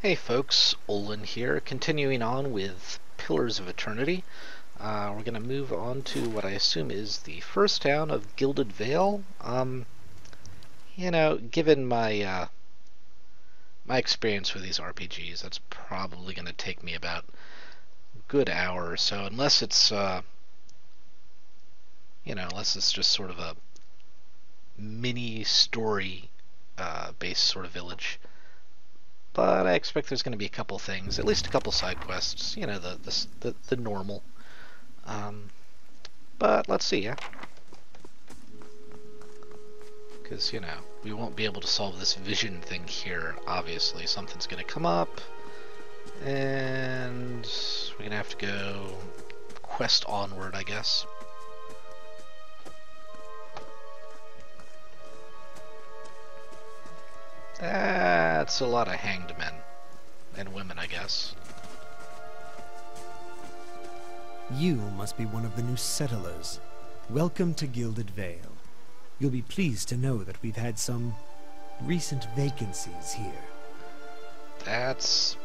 Hey folks, Olin here, continuing on with Pillars of Eternity. Uh, we're going to move on to what I assume is the first town of Gilded Vale. Um, you know, given my uh, my experience with these RPGs, that's probably going to take me about a good hour or so, unless it's, uh, you know, unless it's just sort of a mini-story-based uh, sort of village. But I expect there's going to be a couple things, at least a couple side quests, you know, the the, the, the normal. Um, but let's see, yeah? Because, you know, we won't be able to solve this vision thing here, obviously. Something's going to come up, and we're going to have to go quest onward, I guess. That's a lot of hanged men. And women, I guess. You must be one of the new settlers. Welcome to Gilded Vale. You'll be pleased to know that we've had some recent vacancies here. That's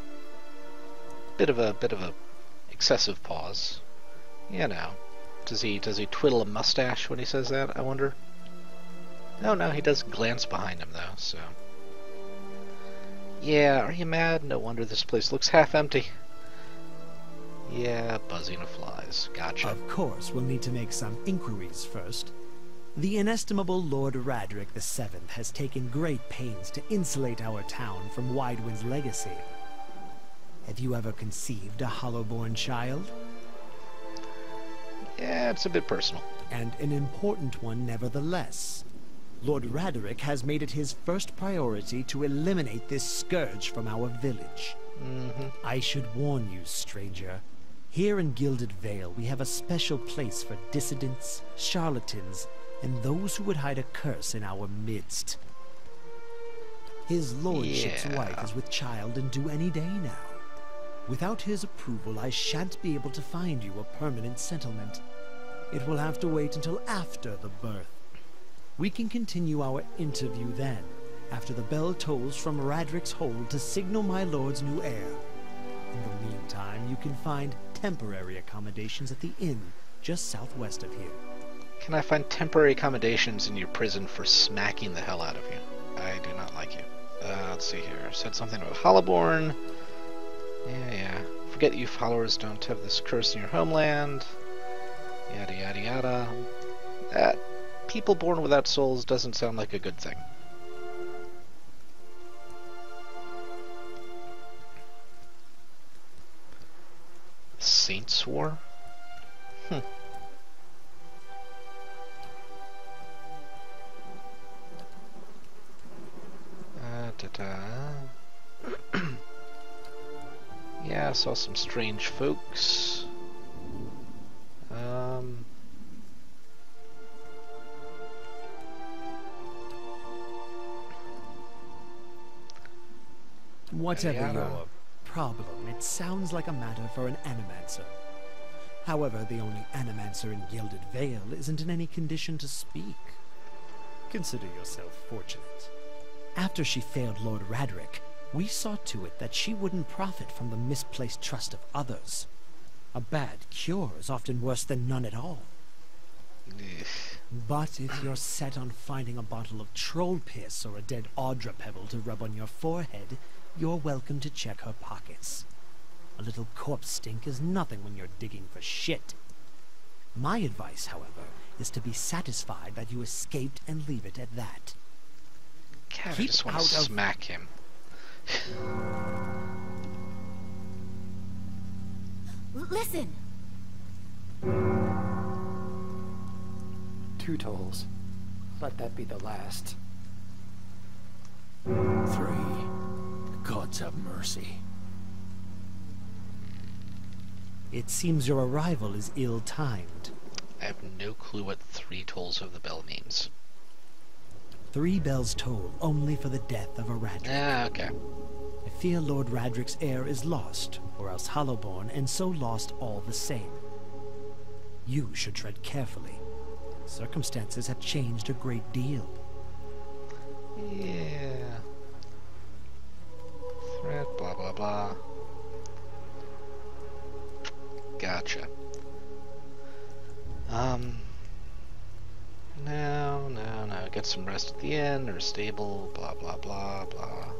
a bit of a bit of a excessive pause. You know, does he does he twiddle a mustache when he says that? I wonder. No, no, he does glance behind him though, so. Yeah, are you mad? No wonder this place looks half empty. Yeah, buzzing of flies. Gotcha. Of course, we'll need to make some inquiries first. The inestimable Lord Radric VII has taken great pains to insulate our town from Widewind's legacy. Have you ever conceived a hollow-born child? Yeah, it's a bit personal. And an important one nevertheless. Lord Raderick has made it his first priority to eliminate this scourge from our village. Mm -hmm. I should warn you, stranger. Here in Gilded Vale, we have a special place for dissidents, charlatans, and those who would hide a curse in our midst. His lordship's yeah. wife is with child and due any day now. Without his approval, I shan't be able to find you a permanent settlement. It will have to wait until after the birth. We can continue our interview then, after the bell tolls from Radric's hold to signal my lord's new heir. In the meantime, you can find temporary accommodations at the inn just southwest of here. Can I find temporary accommodations in your prison for smacking the hell out of you? I do not like you. Uh, let's see here. Said something about Hollaborn. Yeah, yeah. Forget you followers don't have this curse in your homeland. Yada, yada, yada. That people born without souls doesn't sound like a good thing. Saints War? Hmm. Uh, -da. yeah, I saw some strange folks. Um... Whatever your problem, it sounds like a matter for an animancer. However, the only animancer in Gilded Vale isn't in any condition to speak. Consider yourself fortunate. After she failed Lord Radric, we saw to it that she wouldn't profit from the misplaced trust of others. A bad cure is often worse than none at all. but if you're set on finding a bottle of troll piss or a dead Audra pebble to rub on your forehead, you're welcome to check her pockets. A little corpse stink is nothing when you're digging for shit. My advice, however, is to be satisfied that you escaped and leave it at that. Kev, Keep I just want to smack him. Listen! Two tolls. Let that be the last. Three gods have mercy. It seems your arrival is ill-timed. I have no clue what three tolls of the bell means. Three bells toll only for the death of a Radric. Ah, okay. I fear Lord Radric's heir is lost, or else Hollowborn, and so lost all the same. You should tread carefully. Circumstances have changed a great deal. Yeah blah blah blah. Gotcha. Um, Now now now. get some rest at the end, or stable, blah blah blah blah.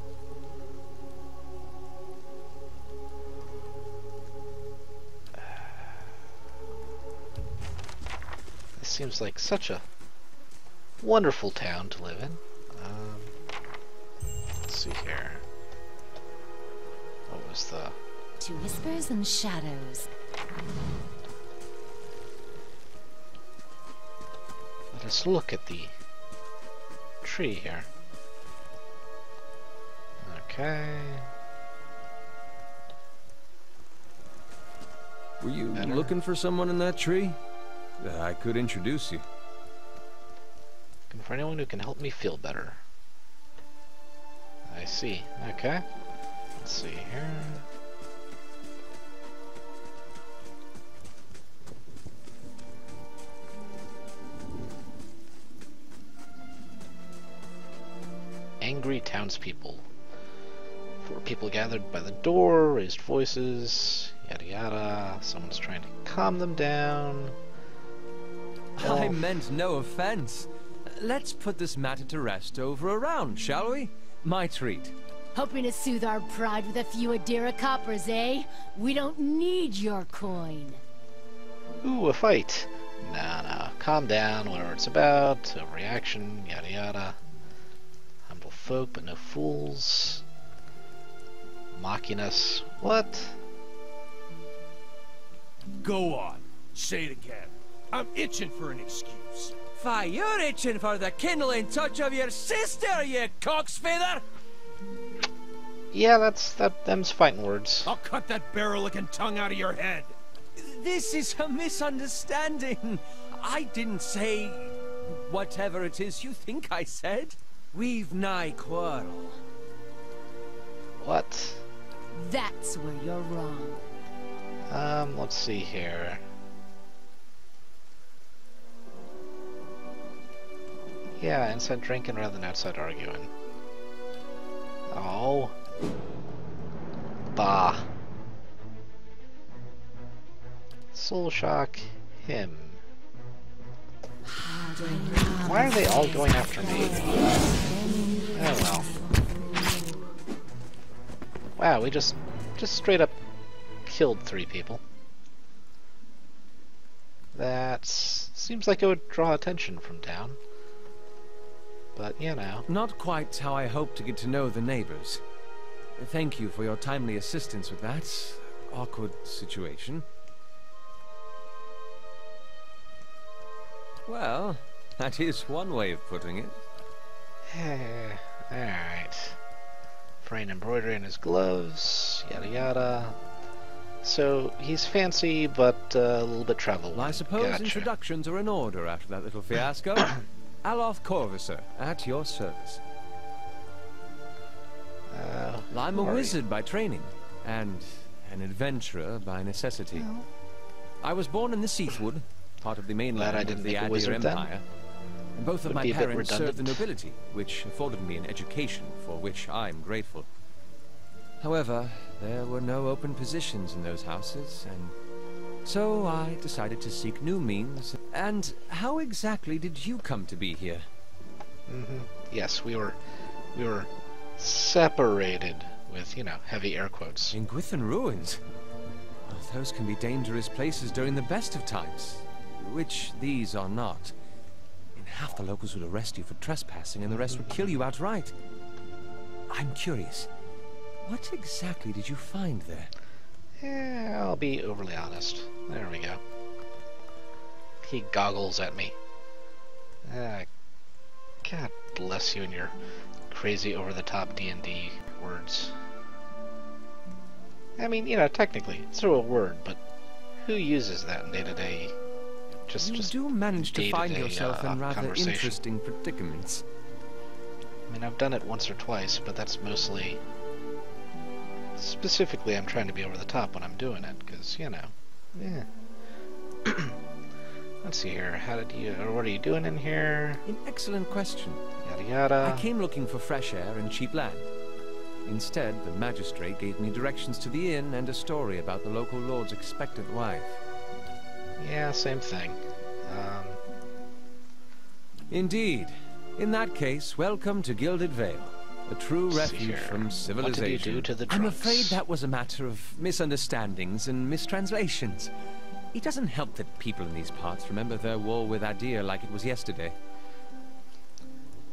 This seems like such a wonderful town to live in. Um, let's see here. What was the... To whispers and shadows. Let us look at the tree here. Okay. Were you Better. looking for someone in that tree? I could introduce you. Looking for anyone who can help me feel better. I see. Okay. Let's see here. Angry townspeople. Four people gathered by the door, raised voices, yada yada. Someone's trying to calm them down. Oh. I meant no offense. Let's put this matter to rest over a round, shall we? My treat. Hoping to soothe our pride with a few Adira coppers, eh? We don't need your coin. Ooh, a fight. Nah, nah. Calm down, whatever it's about. a reaction, yada yada. Humble folk, but no fools. Mocking us. What? Go on. Say it again. I'm itching for an excuse. Fire, you're itching for the kindling touch of your sister, you cock's feather! Yeah, that's that. Them's fighting words. I'll cut that barrel-looking tongue out of your head. This is a misunderstanding. I didn't say whatever it is you think I said. We've nigh quarrel. What? That's where you're wrong. Um, let's see here. Yeah, inside drinking rather than outside arguing. Oh. Bah. Soul Shock him. Why are they all going after me? Oh well. Wow, we just just straight up killed three people. That seems like it would draw attention from town. But, you know. Not quite how I hoped to get to know the neighbors. Thank you for your timely assistance with that awkward situation. Well, that is one way of putting it. Eh, alright. Brain embroidery in his gloves, yada yada. So, he's fancy, but uh, a little bit traveled. I suppose gotcha. introductions are in order after that little fiasco. Alof Corvisor, at your service. Uh, I'm a wizard by training, and an adventurer by necessity. I was born in the Seathwood, part of the mainland I didn't of the Adir Empire. Then. Both Would of my parents served the nobility, which afforded me an education for which I'm grateful. However, there were no open positions in those houses, and so I decided to seek new means. And how exactly did you come to be here? Mm -hmm. Yes, we were, we were Separated, with, you know, heavy air quotes. In Gwithan ruins? Those can be dangerous places during the best of times, which these are not. half the locals would arrest you for trespassing and the rest would kill you outright. I'm curious, what exactly did you find there? Yeah, I'll be overly honest. There we go. He goggles at me. Ah, God bless you and your crazy over-the-top D&D words. I mean, you know, technically, it's a real word, but who uses that in day-to-day... just, you just do manage to find yourself uh, in rather interesting predicaments. I mean, I've done it once or twice, but that's mostly... Specifically, I'm trying to be over-the-top when I'm doing it, because, you know, yeah. Let's see here. How did you? What are you doing in here? An excellent question. Yada yada. I came looking for fresh air and cheap land. Instead, the magistrate gave me directions to the inn and a story about the local lord's expectant wife. Yeah, same thing. Um... Indeed. In that case, welcome to Gilded Vale, a true refuge from civilization. I'm afraid that was a matter of misunderstandings and mistranslations. It doesn't help that people in these parts remember their war with Adir like it was yesterday.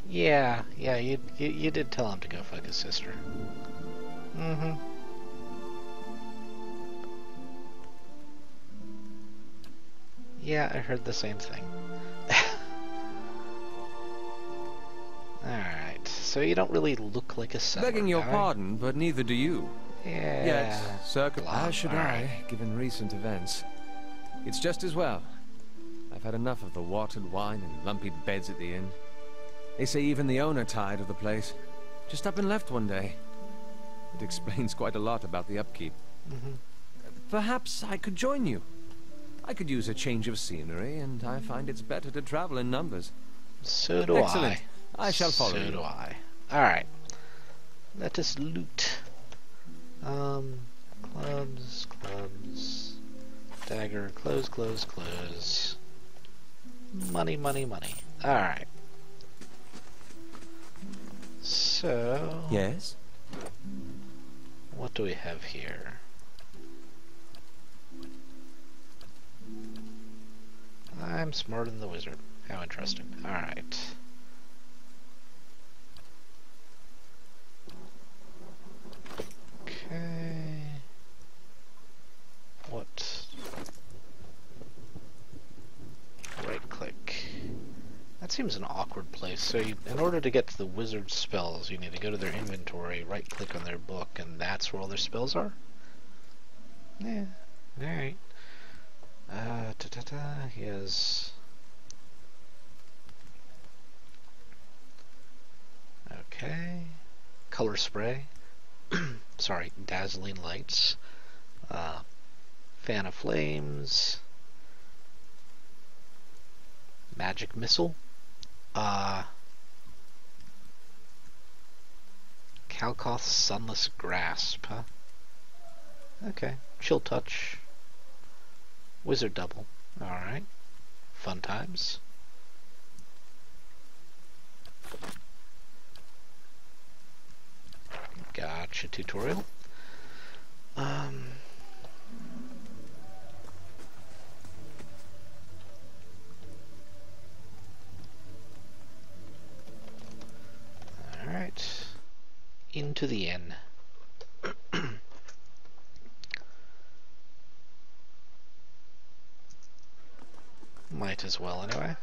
Yeah, yeah, you, you, you did tell him to go fuck his sister. Mm-hmm. Yeah, I heard the same thing. Alright, so you don't really look like a settler, Begging your pardon, but neither do you. Yeah. Yet, sir, How should right. I, given recent events? It's just as well. I've had enough of the watered wine and lumpy beds at the inn. They say even the owner tired of the place. Just up and left one day. It explains quite a lot about the upkeep. Mm -hmm. Perhaps I could join you. I could use a change of scenery, and I find it's better to travel in numbers. So do Excellent. I. I shall follow so you. So do I. Alright. Let us loot. Um, clubs, clubs, dagger, close, close, close. Money, money, money. Alright. So... Yes? What do we have here? I'm smarter than the wizard. How interesting. Alright. So you, in order to get to the wizard spells, you need to go to their inventory, right-click on their book, and that's where all their spells are? Yeah. Alright. Uh, ta -ta -ta, he has... Okay. Color spray. Sorry, dazzling lights. Uh, fan of flames. Magic missile. Uh, Calcoth Sunless Grasp, huh? Okay. Chill Touch. Wizard Double. Alright. Fun times. Gotcha tutorial. Um... Right Into the N. Might as well, anyway.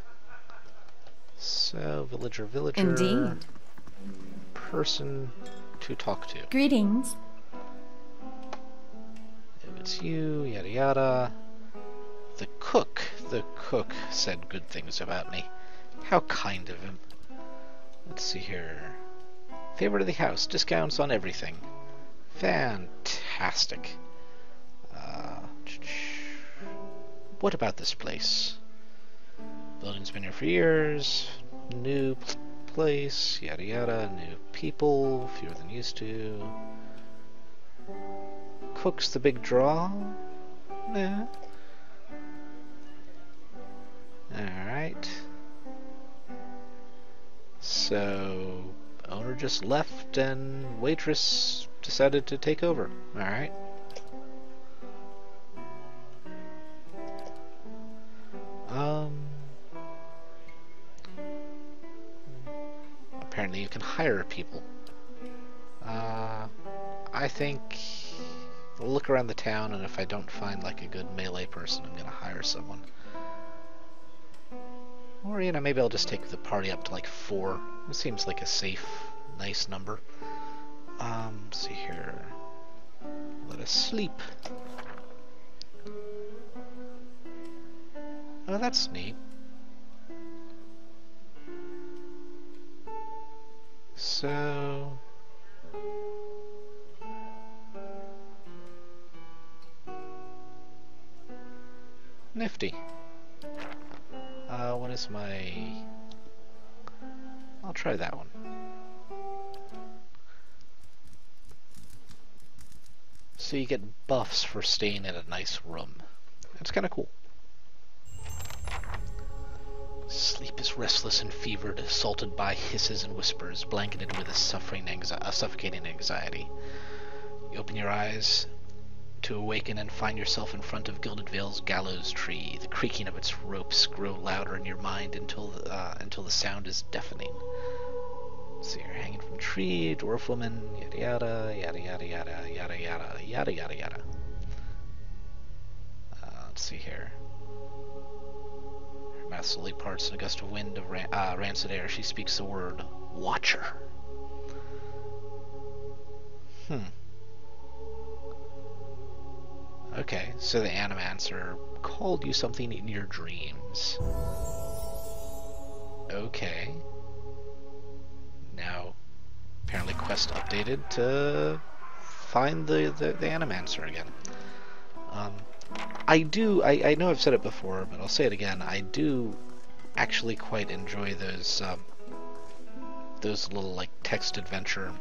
So, villager, villager. Indeed. Person to talk to. Greetings. If it's you, yada yada. The cook, the cook said good things about me. How kind of him. Let's see here. Favorite of the house, discounts on everything. Fantastic. Uh, what about this place? Building's been here for years. New place, yada yada. New people, fewer than used to. Cook's the big draw. Nah. Alright. So owner just left and waitress decided to take over. Alright. Um, apparently you can hire people. Uh, I think I'll look around the town and if I don't find like a good melee person, I'm going to hire someone. Or, you know, maybe I'll just take the party up to like four. It seems like a safe, nice number. Um, let's see here. Let us sleep. Oh, that's neat. So... Nifty. Uh, what is my... I'll try that one. So you get buffs for staying in a nice room. That's kind of cool. Sleep is restless and fevered, assaulted by hisses and whispers, blanketed with a, suffering anxi a suffocating anxiety. You open your eyes, to awaken and find yourself in front of Gilded Vale's gallows tree. The creaking of its ropes grow louder in your mind until the, uh, until the sound is deafening. So you're hanging from tree, dwarf woman, yada yada, yada yada yada, yada yada, yada yada yada. Uh, let's see here. Her mouth slowly parts in a gust of wind of ran uh, rancid air. She speaks the word, Watcher. Hmm. Okay, so the Animancer called you something in your dreams. Okay. Now, apparently quest updated to find the, the, the Animancer again. Um, I do, I, I know I've said it before, but I'll say it again, I do actually quite enjoy those, um, those little, like, text adventure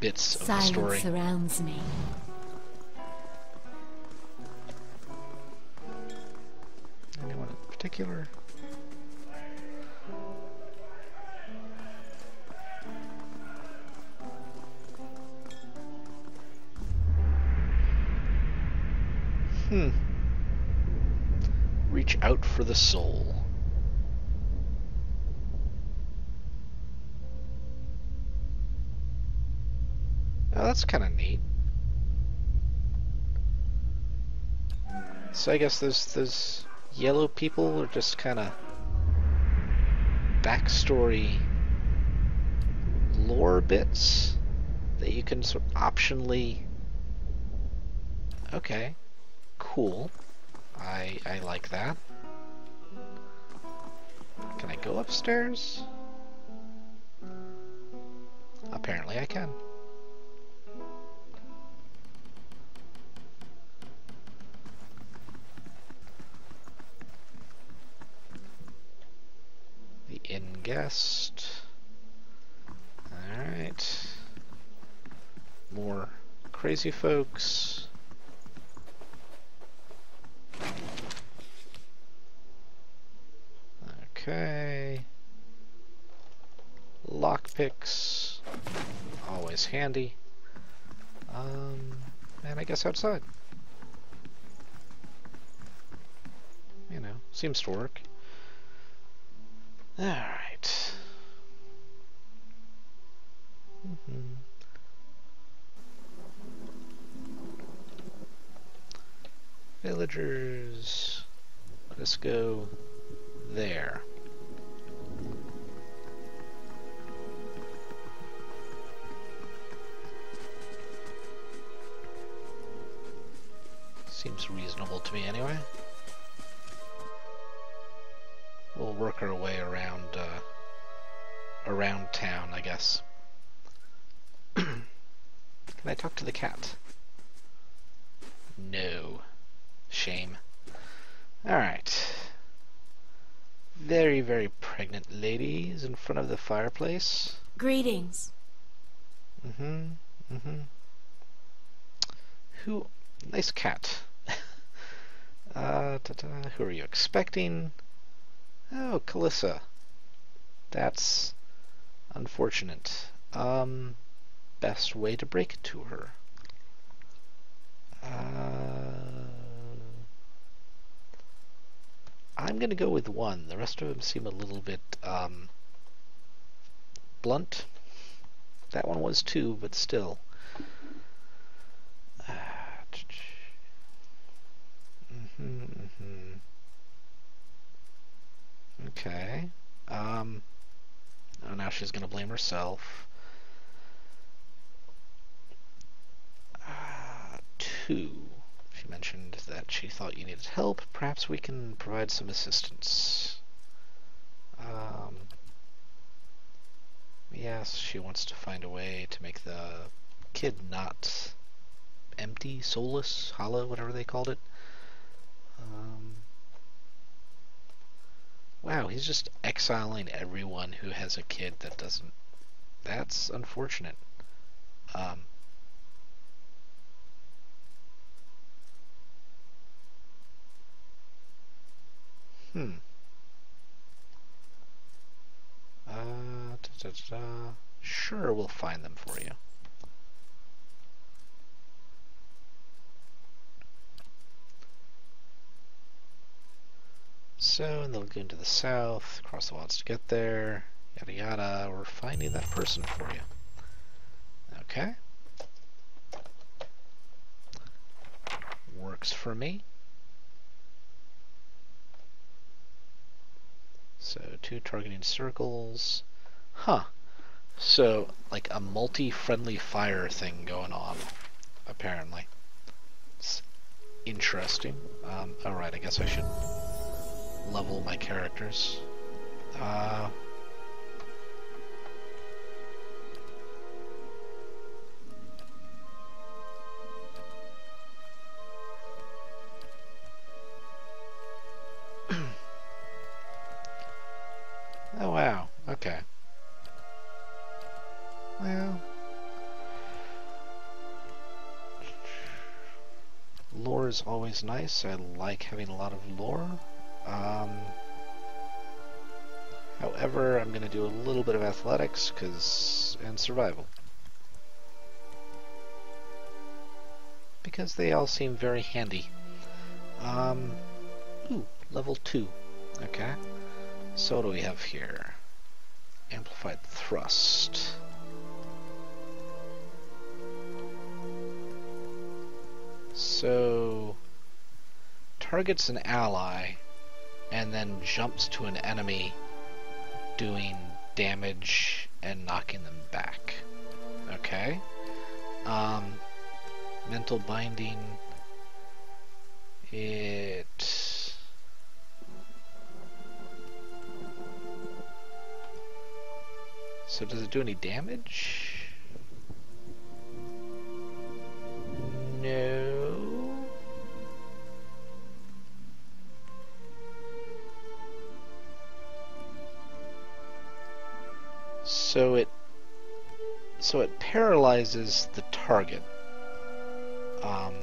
bits Silence of the story. Silence surrounds me. particular. Hmm. Reach out for the soul. Oh, that's kind of neat. So I guess there's there's yellow people are just kind of backstory lore bits that you can sort of optionally... Okay, cool. I, I like that. Can I go upstairs? Apparently I can. in guest. Alright. More crazy folks. Okay. Lockpicks. Always handy. Um, and I guess outside. You know, seems to work. Alright. Mm -hmm. Villagers. Let's go there. Seems reasonable to me anyway we'll work our way around uh, around town, I guess. Can I talk to the cat? No. Shame. Alright. Very, very pregnant lady is in front of the fireplace. Greetings. Mm-hmm. Mm-hmm. Who... Nice cat. uh, ta -ta, who are you expecting? Oh, Kalissa. That's unfortunate. Um, best way to break it to her. Uh, I'm going to go with one. The rest of them seem a little bit um, blunt. That one was two, but still. Mm -hmm. Okay. Um, oh, now she's going to blame herself. Uh, two. She mentioned that she thought you needed help. Perhaps we can provide some assistance. Um, yes, she wants to find a way to make the kid not empty, soulless, hollow, whatever they called it. Um, Wow, he's just exiling everyone who has a kid that doesn't. That's unfortunate. Um, hmm. Uh, da, da, da, sure, we'll find them for you. So They'll go into the south, cross the wilds to get there, yada yada. We're finding that person for you. Okay. Works for me. So two targeting circles. Huh. So, like a multi-friendly fire thing going on, apparently. It's interesting. Um, alright, I guess I should level my characters. Uh, oh wow, okay. Well... Lore is always nice. I like having a lot of lore. Um, however, I'm going to do a little bit of athletics cause, and survival. Because they all seem very handy. Um, ooh, level 2. Okay. So what do we have here? Amplified thrust. So, targets an ally and then jumps to an enemy doing damage and knocking them back. Okay. Um, mental binding. It. So does it do any damage? No. So it so it paralyzes the target. Um,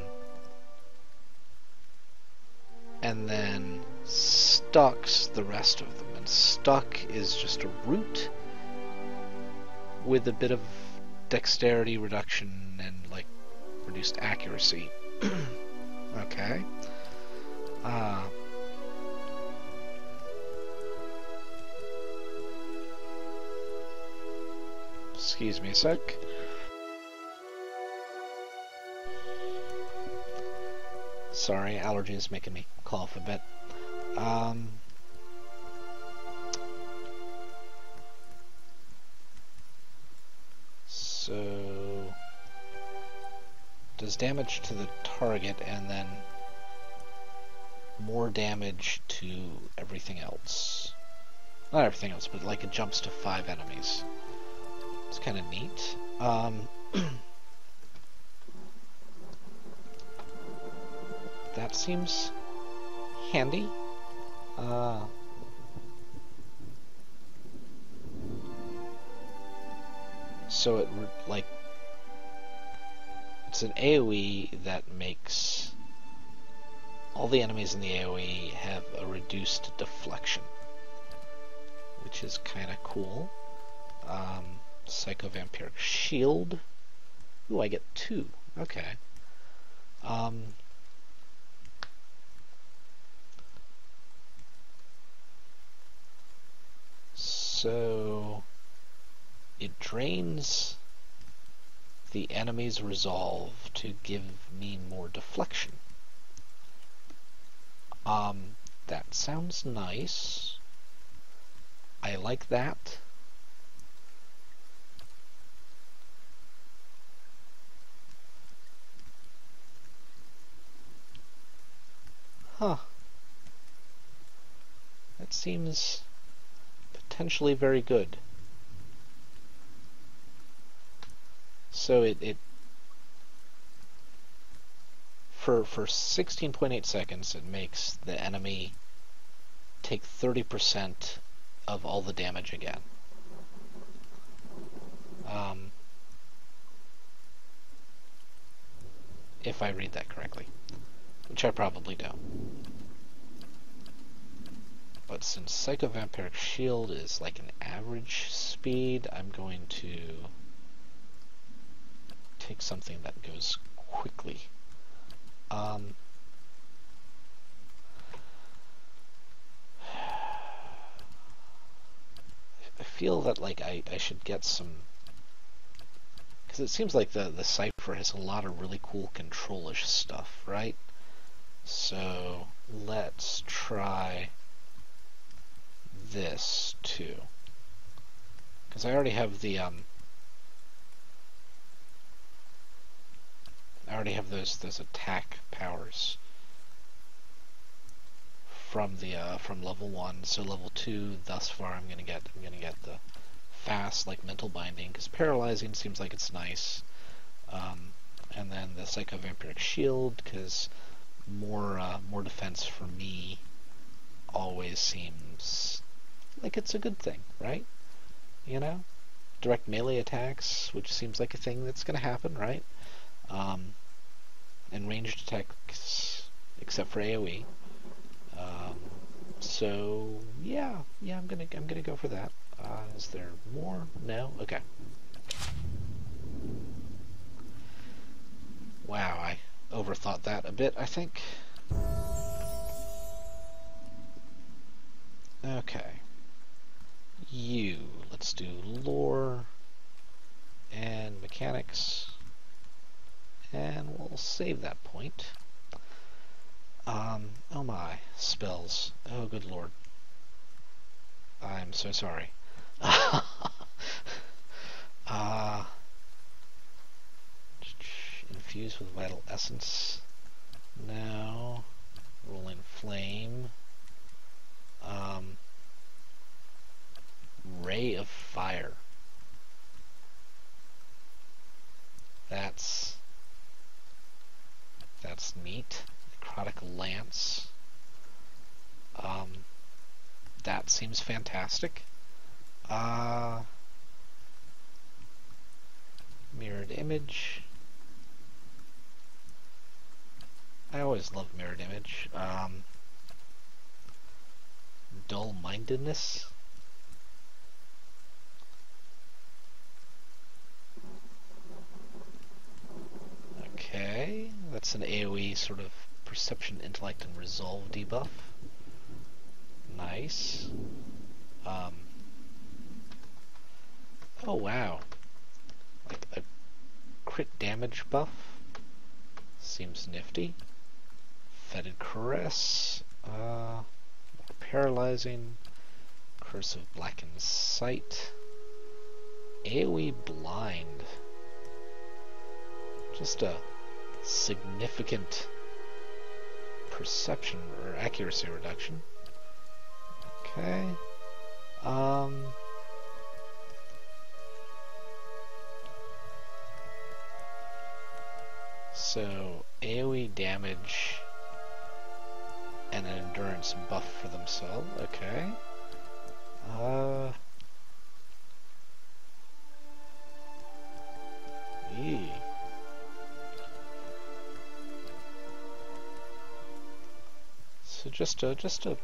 and then stocks the rest of them. And stuck is just a root with a bit of dexterity reduction and like reduced accuracy. okay. Uh, Excuse me a sec. Sorry, allergies making me cough a bit. Um, so, does damage to the target and then more damage to everything else. Not everything else, but like it jumps to five enemies. It's kind of neat. Um, that seems handy. Uh, so it like it's an AoE that makes all the enemies in the AoE have a reduced deflection, which is kind of cool. Um, Psycho Vampiric Shield. Ooh, I get two. Okay. Um, so it drains the enemy's resolve to give me more deflection. Um, that sounds nice. I like that. Huh. That seems potentially very good. So it, it for for 16.8 seconds it makes the enemy take 30% of all the damage again. Um, if I read that correctly. Which I probably don't. But since Psycho Vampiric Shield is like an average speed, I'm going to take something that goes quickly. Um, I feel that like I, I should get some because it seems like the the cipher has a lot of really cool controlish stuff, right? So let's try this too. Because I already have the, um, I already have those, those attack powers from the, uh, from level 1. So level 2, thus far, I'm going to get, I'm going to get the fast, like, mental binding, because paralyzing seems like it's nice. Um, and then the Psycho Vampiric Shield, because more uh, more defense for me always seems like it's a good thing, right? You know, direct melee attacks, which seems like a thing that's going to happen, right? Um, and ranged attacks, except for AOE. Um, so yeah, yeah, I'm gonna I'm gonna go for that. Uh, is there more? No. Okay. Wow, I overthought that a bit, I think. Okay. You. Let's do lore and mechanics. And we'll save that point. Um, oh my, spells. Oh, good lord. I'm so sorry. uh, infused with vital essence. Now, roll in flame. Um, ray of fire. That's that's neat. Necrotic lance. Um, that seems fantastic. Uh, mirrored image. I always love mirrored image. Um, dull-mindedness? Okay, that's an AoE sort of perception, intellect, and resolve debuff. Nice. Um, oh wow. Like a crit damage buff. Seems nifty. Fetid Caress, uh, Paralyzing, Curse of Blackened Sight, AoE Blind. Just a significant perception or accuracy reduction. Okay. Um, so AoE damage and an endurance buff for themselves. Okay. Uh. So just a just a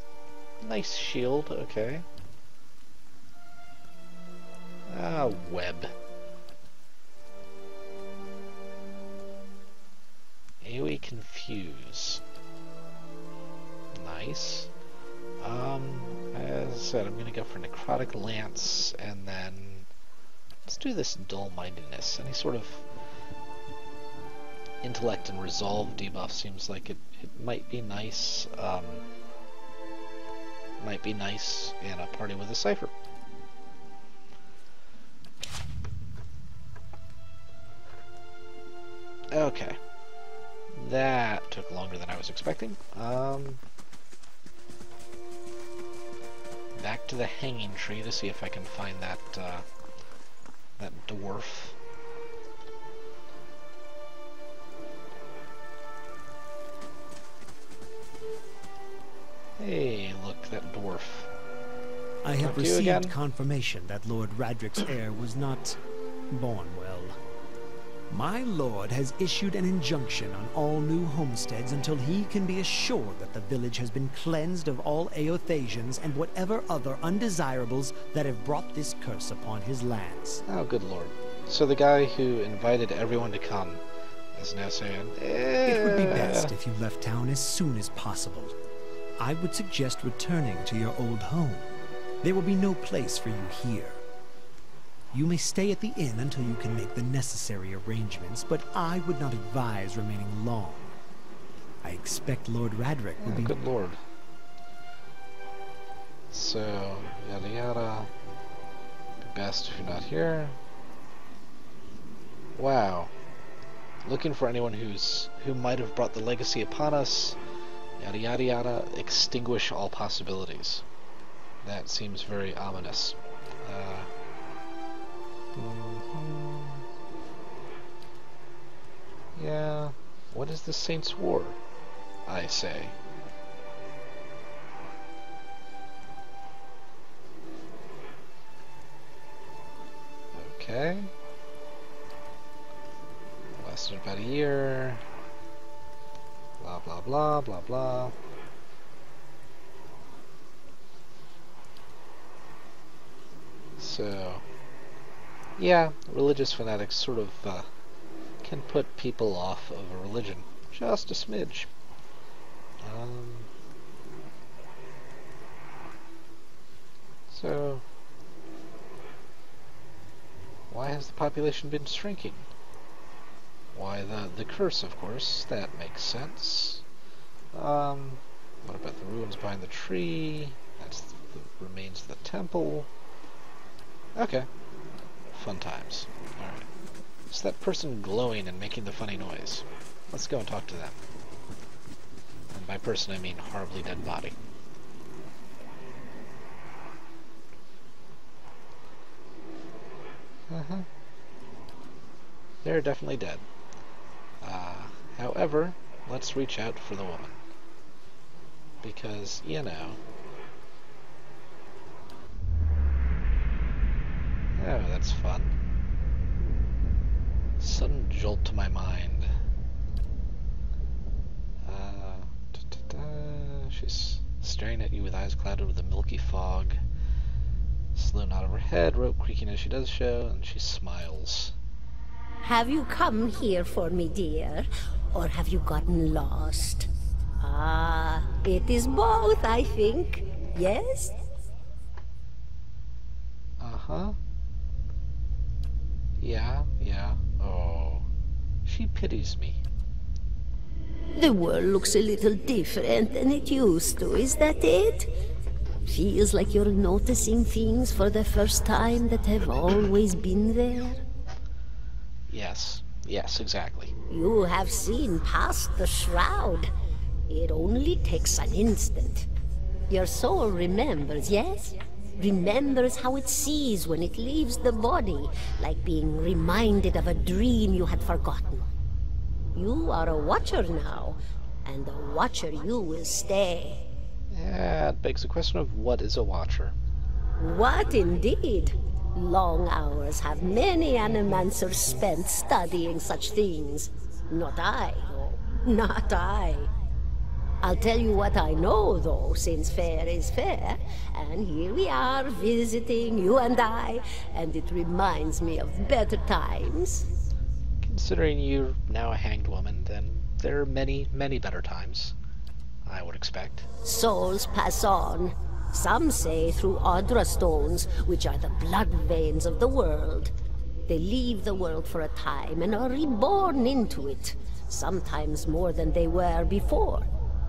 nice shield. Okay. Ah, web. we confuse nice. Um, as I said, I'm going to go for Necrotic Lance, and then let's do this Dull-Mindedness. Any sort of intellect and resolve debuff seems like it, it might be nice. Um, might be nice in a party with a cipher. Okay. That took longer than I was expecting. Um, back to the hanging tree to see if I can find that, uh, that dwarf. Hey, look, that dwarf. I have received confirmation that Lord Radric's heir was not born well. My lord has issued an injunction on all new homesteads until he can be assured that the village has been cleansed of all Aothasians and whatever other undesirables that have brought this curse upon his lands. Oh, good lord. So the guy who invited everyone to come is now saying, It would be eh. best if you left town as soon as possible. I would suggest returning to your old home. There will be no place for you here. You may stay at the inn until you can make the necessary arrangements, but I would not advise remaining long. I expect Lord Radric will be... Good lord. So, yada yada. best if you're not here. Wow. Looking for anyone who's who might have brought the legacy upon us. Yada yada yada. Extinguish all possibilities. That seems very ominous. Uh, Mm-hmm. Yeah, what is the Saints' War? I say. Okay. Lasted about a year. Blah, blah, blah, blah, blah. So, yeah, religious fanatics sort of uh, can put people off of a religion, just a smidge. Um, so, why has the population been shrinking? Why, the, the curse, of course, that makes sense. Um, what about the ruins behind the tree? That's the, the remains of the temple. Okay, Fun times. Alright. It's that person glowing and making the funny noise. Let's go and talk to them. And by person I mean horribly dead body. Uh-huh. They're definitely dead. Uh, however, let's reach out for the woman. Because, you know, Oh, that's fun. Sudden jolt to my mind. Uh, da -da -da. She's staring at you with eyes clouded with a milky fog. Slow nod of her head, rope creaking as she does so, and she smiles. Have you come here for me, dear? Or have you gotten lost? Ah, it is both, I think. Yes? Uh-huh. Yeah, yeah. Oh, she pities me. The world looks a little different than it used to, is that it? Feels like you're noticing things for the first time that have always been there? Yes, yes, exactly. You have seen past the shroud. It only takes an instant. Your soul remembers, yes? remembers how it sees when it leaves the body, like being reminded of a dream you had forgotten. You are a watcher now, and a watcher you will stay. That begs the question of what is a watcher? What indeed? Long hours have many animancers spent studying such things. Not I, not I. I'll tell you what I know, though, since fair is fair. And here we are visiting, you and I, and it reminds me of better times. Considering you're now a hanged woman, then there are many, many better times, I would expect. Souls pass on. Some say through Audra stones, which are the blood veins of the world. They leave the world for a time and are reborn into it, sometimes more than they were before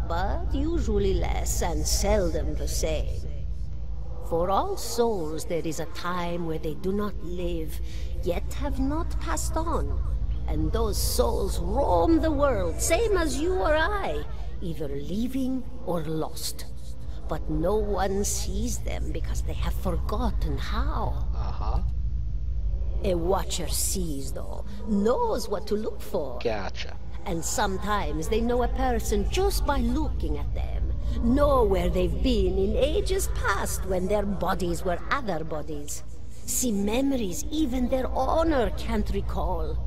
but usually less and seldom the same. For all souls there is a time where they do not live, yet have not passed on, and those souls roam the world, same as you or I, either living or lost. But no one sees them because they have forgotten how. Uh-huh. A watcher sees, though, knows what to look for. Gotcha. And sometimes they know a person just by looking at them, know where they've been in ages past when their bodies were other bodies. See memories even their honor can't recall.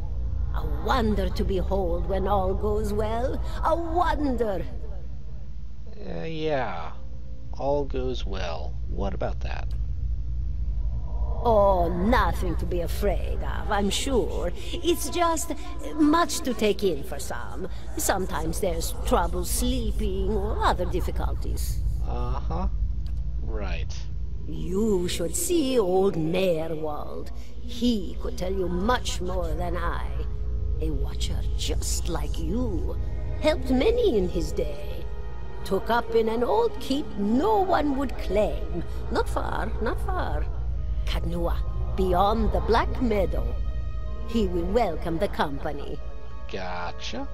A wonder to behold when all goes well. A wonder! Uh, yeah. All goes well. What about that? Oh, nothing to be afraid of, I'm sure. It's just much to take in for some. Sometimes there's trouble sleeping or other difficulties. Uh-huh. Right. You should see old Nerwald. He could tell you much more than I. A watcher just like you. Helped many in his day. Took up in an old keep no one would claim. Not far, not far. Kadnua, beyond the Black Meadow. He will welcome the company. Gotcha.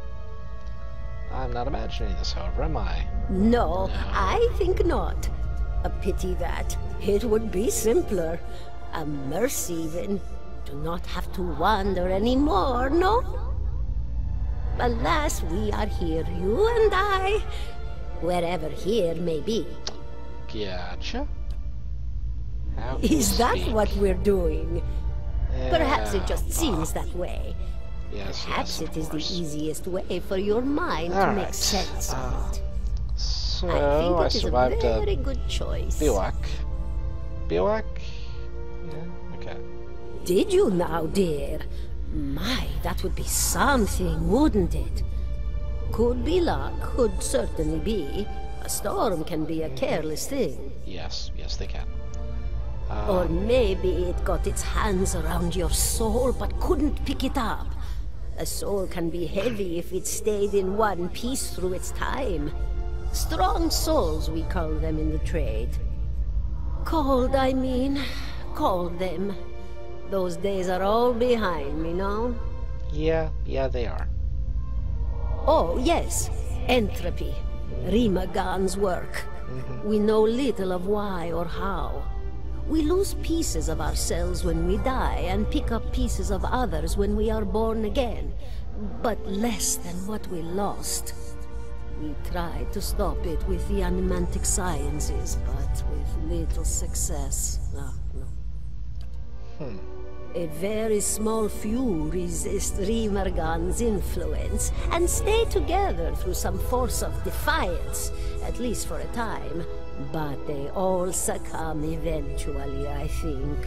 I'm not imagining this, however, am I? No, no, I think not. A pity that. It would be simpler. A mercy, even. To not have to wander any more, no? Alas, we are here, you and I. Wherever here may be. Gotcha. Is that what we're doing? Yeah, Perhaps it just seems that way. Yes, Perhaps yes, it is course. the easiest way for your mind All to make right. sense uh, of it. So I, think it I survived a very a good choice. Biwak. Biwak? Yeah, okay. Did you now, dear? My, that would be something, wouldn't it? Could be luck, could certainly be. A storm can be a careless thing. Yes, yes they can or maybe it got its hands around your soul but couldn't pick it up. A soul can be heavy if it stayed in one piece through its time. Strong souls, we call them in the trade. Called, I mean. Called them. Those days are all behind me now. Yeah, yeah, they are. Oh, yes. Entropy. Rima Gan's work. Mm -hmm. We know little of why or how. We lose pieces of ourselves when we die and pick up pieces of others when we are born again, but less than what we lost. We tried to stop it with the animantic sciences, but with little success. no. Hmm. A very small few resist Remergan's influence and stay together through some force of defiance, at least for a time. But they all succumb eventually, I think.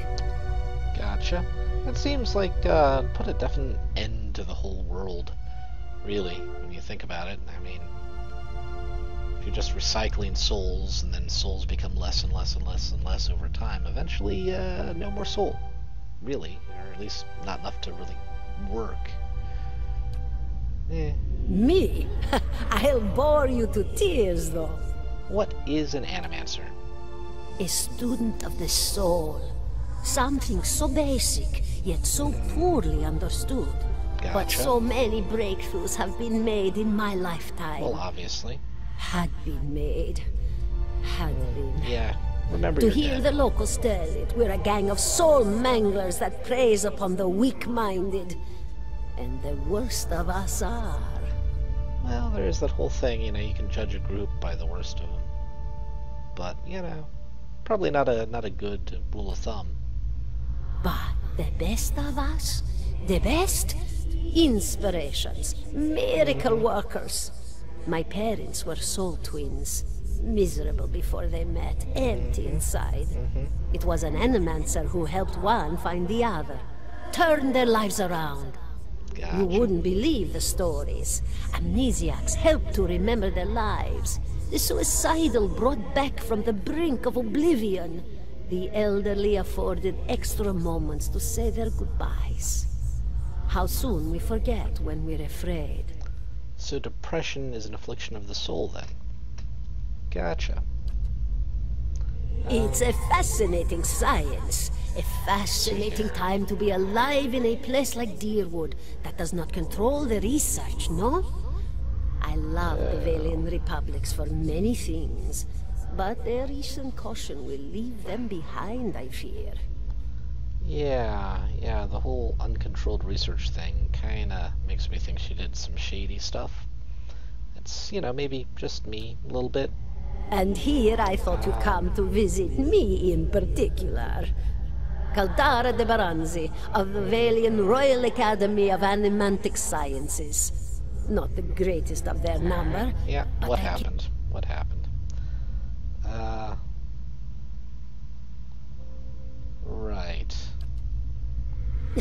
Gotcha. That seems like, uh, put a definite end to the whole world. Really, when you think about it. I mean, if you're just recycling souls, and then souls become less and less and less and less over time, eventually, uh, no more soul. Really. Or at least not enough to really work. Eh. Me? I'll bore you to tears, though. What is an animancer? A student of the soul. Something so basic, yet so poorly understood. Gotcha. But so many breakthroughs have been made in my lifetime. Well, obviously. Had been made. Had been. Yeah. Remember to hear the locals tell it, we're a gang of soul manglers that preys upon the weak-minded. And the worst of us are. Well, there's that whole thing, you know, you can judge a group by the worst of them. But, you know, probably not a not a good rule of thumb. But the best of us, the best inspirations, miracle mm-hmm. workers. My parents were soul twins, miserable before they met, empty mm-hmm. inside. Mm -hmm. It was an animancer who helped one find the other, turn their lives around. Gotcha. You wouldn't believe the stories. Amnesiacs help to remember their lives. The suicidal brought back from the brink of oblivion. The elderly afforded extra moments to say their goodbyes. How soon we forget when we're afraid. So depression is an affliction of the soul, then? Gotcha. Um. It's a fascinating science. A fascinating time to be alive in a place like Deerwood that does not control the research, no? I love the Valian Republics for many things, but their recent caution will leave them behind, I fear. Yeah, yeah, the whole uncontrolled research thing kinda makes me think she did some shady stuff. It's, you know, maybe just me, a little bit. And here I thought you'd come to visit me in particular. Caldara de Baranzi of the Valian Royal Academy of Animantic Sciences. Not the greatest of their number. Yeah, what happened? What happened? Uh, right.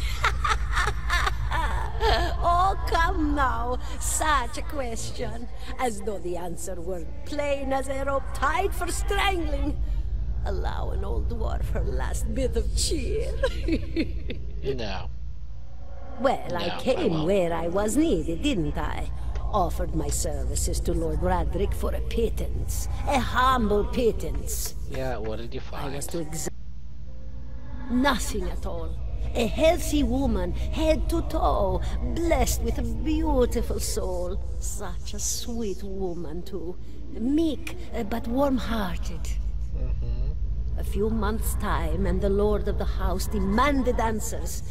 oh, come now. Such a question. As though the answer were plain as a rope tied for strangling allow an old dwarf her last bit of cheer. no. Well, no, I came I where I was needed, didn't I? Offered my services to Lord Radric for a pittance. A humble pittance. Yeah, what did you find? I was to examine. Nothing at all. A healthy woman, head to toe, blessed with a beautiful soul. Such a sweet woman, too. Meek, eh, but warm-hearted. Mm -hmm. A few months' time, and the lord of the house demanded answers.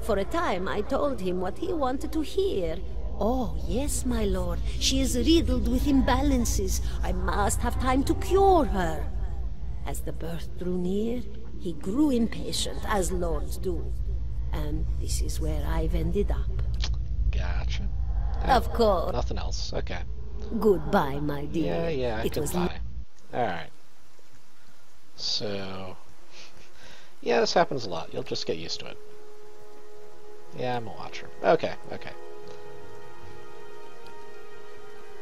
For a time, I told him what he wanted to hear. Oh, yes, my lord. She is riddled with imbalances. I must have time to cure her. As the birth drew near, he grew impatient, as lords do. And this is where I've ended up. Gotcha. of course. Nothing else. Okay. Goodbye, my dear. Yeah, yeah, it goodbye. Was... Alright. So, yeah, this happens a lot. You'll just get used to it. Yeah, I'm a watcher. Okay, okay.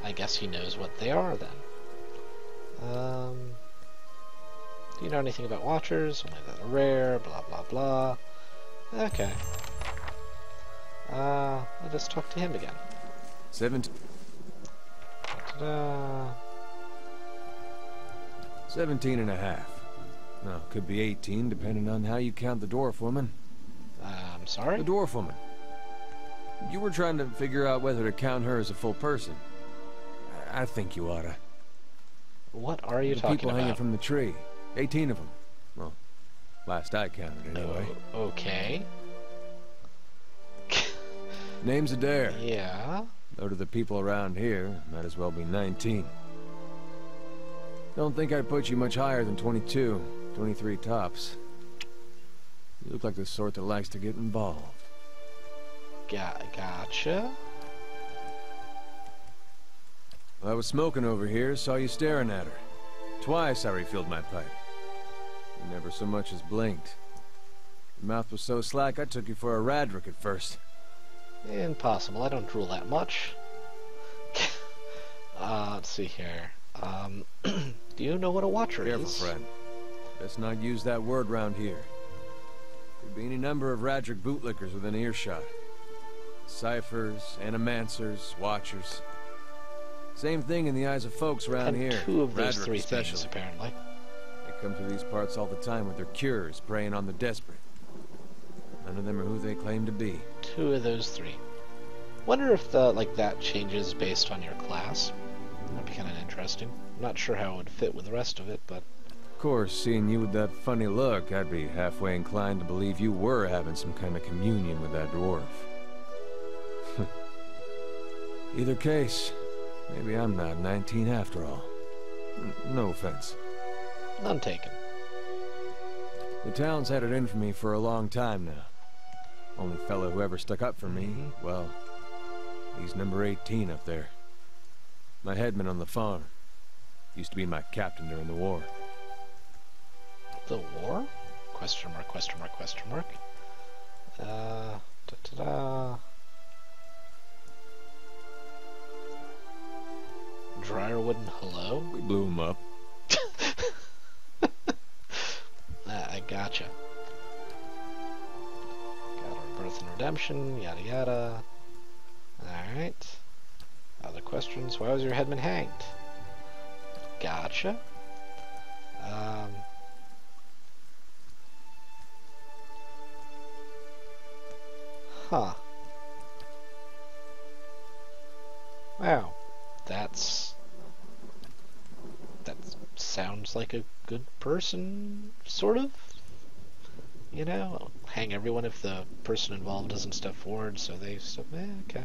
I guess he knows what they are then. Um, do you know anything about watchers? Only that are rare, blah blah blah. Okay. Uh, let us talk to him again. Seventeen. Da -da. Seventeen and a half. No, could be 18, depending on how you count the dwarf woman. Uh, I'm sorry? The dwarf woman. You were trying to figure out whether to count her as a full person. I, I think you oughta. What are you the talking people about? people hanging from the tree. 18 of them. Well, last I counted, anyway. Uh, okay. Names Adair. Yeah? Though to the people around here, might as well be 19. Don't think I'd put you much higher than 22. 23 tops. You look like the sort that likes to get involved. Got gotcha. Well, I was smoking over here, saw you staring at her. Twice I refilled my pipe. You never so much as blinked. Your mouth was so slack I took you for a Radric at first. Impossible, I don't drool that much. uh, let's see here. Um, do you know what a watcher Careful, is? Friend. Best not use that word round here. There'd be any number of Radric bootlickers within earshot. Ciphers, animancers, watchers. Same thing in the eyes of folks around and here. Two of those Radric three special. apparently. They come to these parts all the time with their cures, preying on the desperate. None of them are who they claim to be. Two of those three. Wonder if the like that changes based on your class. That'd be kind of interesting. I'm not sure how it would fit with the rest of it, but of course, seeing you with that funny look, I'd be halfway inclined to believe you were having some kind of communion with that dwarf. Either case, maybe I'm not 19 after all. N no offense. None taken. The town's had it in for me for a long time now. Only fellow who ever stuck up for me, mm-hmm. well, he's number 18 up there. My headman on the farm. Used to be my captain during the war the war? Question mark, question mark, question mark. Uh, da -da -da. Dryerwood hello? We blew him up. uh, I gotcha. Got our birth and redemption, yada yada. Alright. Other questions? Why was your headman hanged? Gotcha. Huh. Wow. That's... That sounds like a good person, sort of? You know? Hang everyone if the person involved doesn't step forward, so they step... Eh, okay.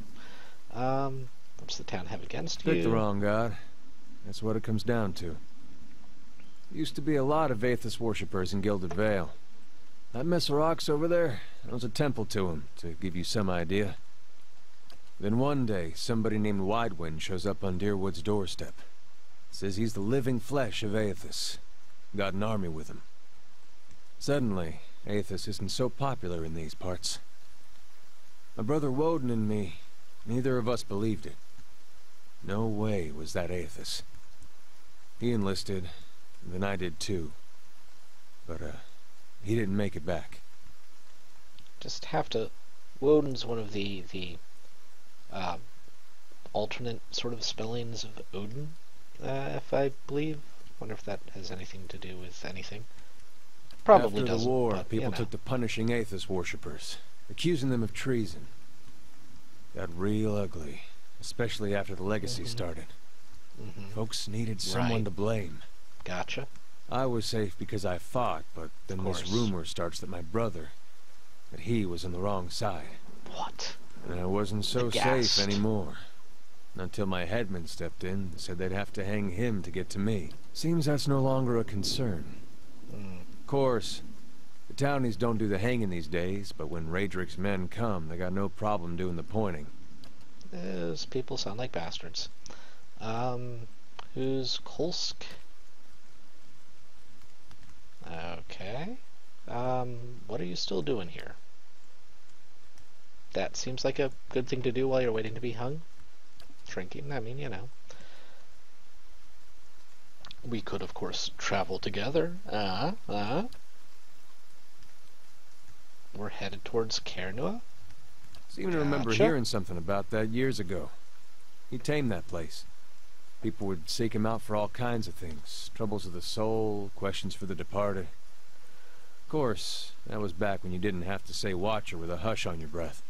Um, What's the town have against Pick you? Pick the wrong god. That's what it comes down to. Used to be a lot of Athos worshippers in Gilded Vale. That mess of rocks over there, that was a temple to him, to give you some idea. Then one day, somebody named Widewind shows up on Deerwood's doorstep. Says he's the living flesh of Aethys. Got an army with him. Suddenly, Aethys isn't so popular in these parts. My brother Woden and me, neither of us believed it. No way was that Aethys. He enlisted, and then I did too. But, uh, he didn't make it back. Just have to... Woden's one of the, the uh, alternate sort of spellings of Odin, uh, if I believe. wonder if that has anything to do with anything. Probably After doesn't, the war, but, people know. took to punishing Athos worshippers, accusing them of treason. Got real ugly, especially after the Legacy mm -hmm. started. Mm -hmm. Folks needed someone right. to blame. Gotcha. I was safe because I fought, but then this rumor starts that my brother, that he was on the wrong side. What? And I wasn't so safe anymore. Until my headman stepped in and said they'd have to hang him to get to me. Seems that's no longer a concern. Hmm. Of course, the townies don't do the hanging these days, but when Radric's men come, they got no problem doing the pointing. Those people sound like bastards. Um, who's Kolsk? Um, what are you still doing here? That seems like a good thing to do while you're waiting to be hung. Drinking, I mean, you know. We could, of course, travel together. uh uh We're headed towards Cairnua? Seem to remember hearing something about that years ago. He tamed that place. People would seek him out for all kinds of things. Troubles of the soul, questions for the departed course, that was back when you didn't have to say watcher with a hush on your breath.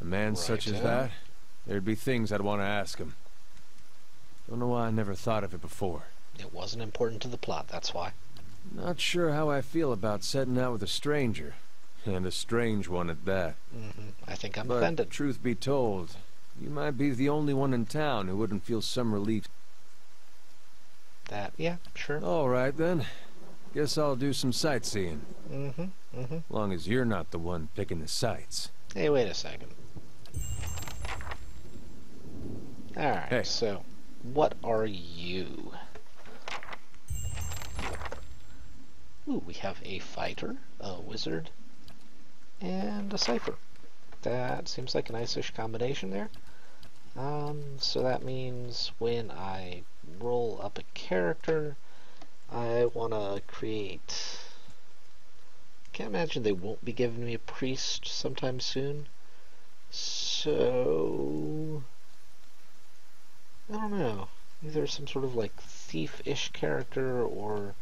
A man right such as that, there'd be things I'd want to ask him. Don't know why I never thought of it before. It wasn't important to the plot, that's why. Not sure how I feel about setting out with a stranger. And a strange one at that. Mm -hmm. I think I'm but, offended. truth be told, you might be the only one in town who wouldn't feel some relief. That, yeah, sure. All right, then. Guess I'll do some sightseeing. Mm-hmm, mm-hmm. Long as you're not the one picking the sights. Hey, wait a second. Alright, hey. so, what are you? Ooh, we have a fighter, a wizard, and a cipher. That seems like a nice-ish combination there. Um, so that means when I roll up a character, I want to create... Can't imagine they won't be giving me a priest sometime soon. So... I don't know. Either some sort of like thief-ish character or